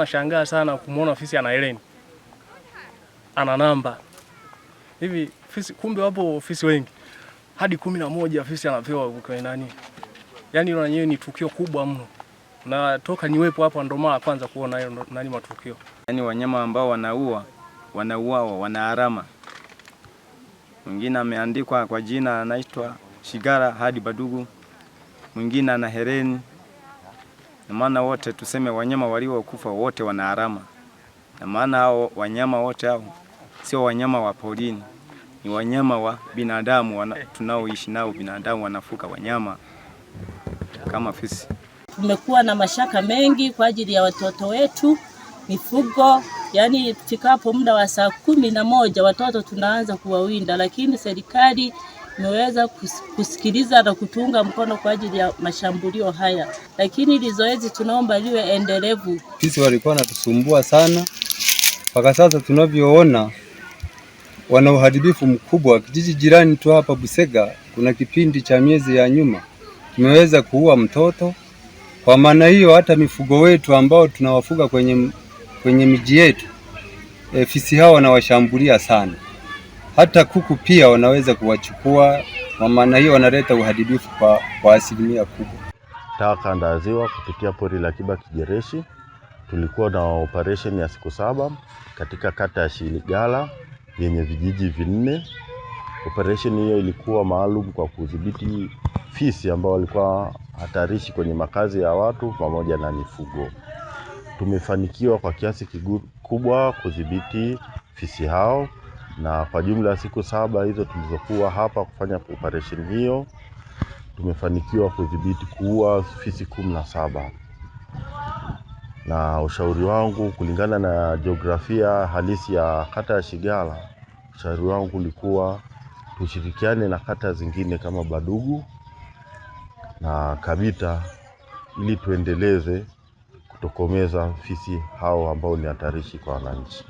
nashangaa sana kumuona ofisi ana heleni, ana namba hivi ofisi Kumbe wapo ofisi wengi hadi kumi na moja fisi anapewa kwa nani? Yaani hilo lenyewe ni tukio kubwa mno, na toka niwepo hapa ndo mara kwanza kuona hiyo nani matukio. Yaani wanyama ambao wanaua wanauawa, wana alama. Mwingine ameandikwa kwa jina, anaitwa Shigara hadi Badugu, mwingine ana hereni na maana wote tuseme wanyama waliokufa wote wana alama, na maana hao wanyama wote hao sio wanyama wa porini, ni wanyama wa binadamu tunaoishi nao. Binadamu wanafuka wanyama kama fisi. Tumekuwa na mashaka mengi kwa ajili ya watoto wetu mifugo, yaani fikapo muda wa saa kumi na moja watoto tunaanza kuwawinda, lakini serikali tumeweza kusikiliza na kutunga mkono kwa ajili ya mashambulio haya, lakini ili zoezi tunaomba liwe endelevu. Sisi walikuwa wanatusumbua sana, mpaka sasa tunavyoona wana uharibifu mkubwa. Kijiji jirani tu hapa Busega, kuna kipindi cha miezi ya nyuma tumeweza kuua mtoto. Kwa maana hiyo, hata mifugo wetu ambao tunawafuga kwenye, kwenye miji yetu e, fisi hao wanawashambulia sana. Hata kuku pia wanaweza kuwachukua. Kwa maana hiyo, wanaleta uharibifu kwa, kwa asilimia kubwa. Taka kanda ya ziwa kupitia pori la Kiba Kijereshi, tulikuwa na operation ya siku saba katika kata ya Shiligala yenye vijiji vinne. Operation hiyo ilikuwa maalum kwa kudhibiti fisi ambao walikuwa hatarishi kwenye makazi ya watu pamoja na mifugo. Tumefanikiwa kwa kiasi kikubwa kudhibiti fisi hao na kwa jumla ya siku saba hizo tulizokuwa hapa kufanya operesheni hiyo tumefanikiwa kudhibiti kuua fisi kumi na saba na ushauri wangu kulingana na jiografia halisi ya kata ya Shigala, ushauri wangu ulikuwa tushirikiane na kata zingine kama Badugu na Kabita ili tuendeleze kutokomeza fisi hao ambao ni hatarishi kwa wananchi.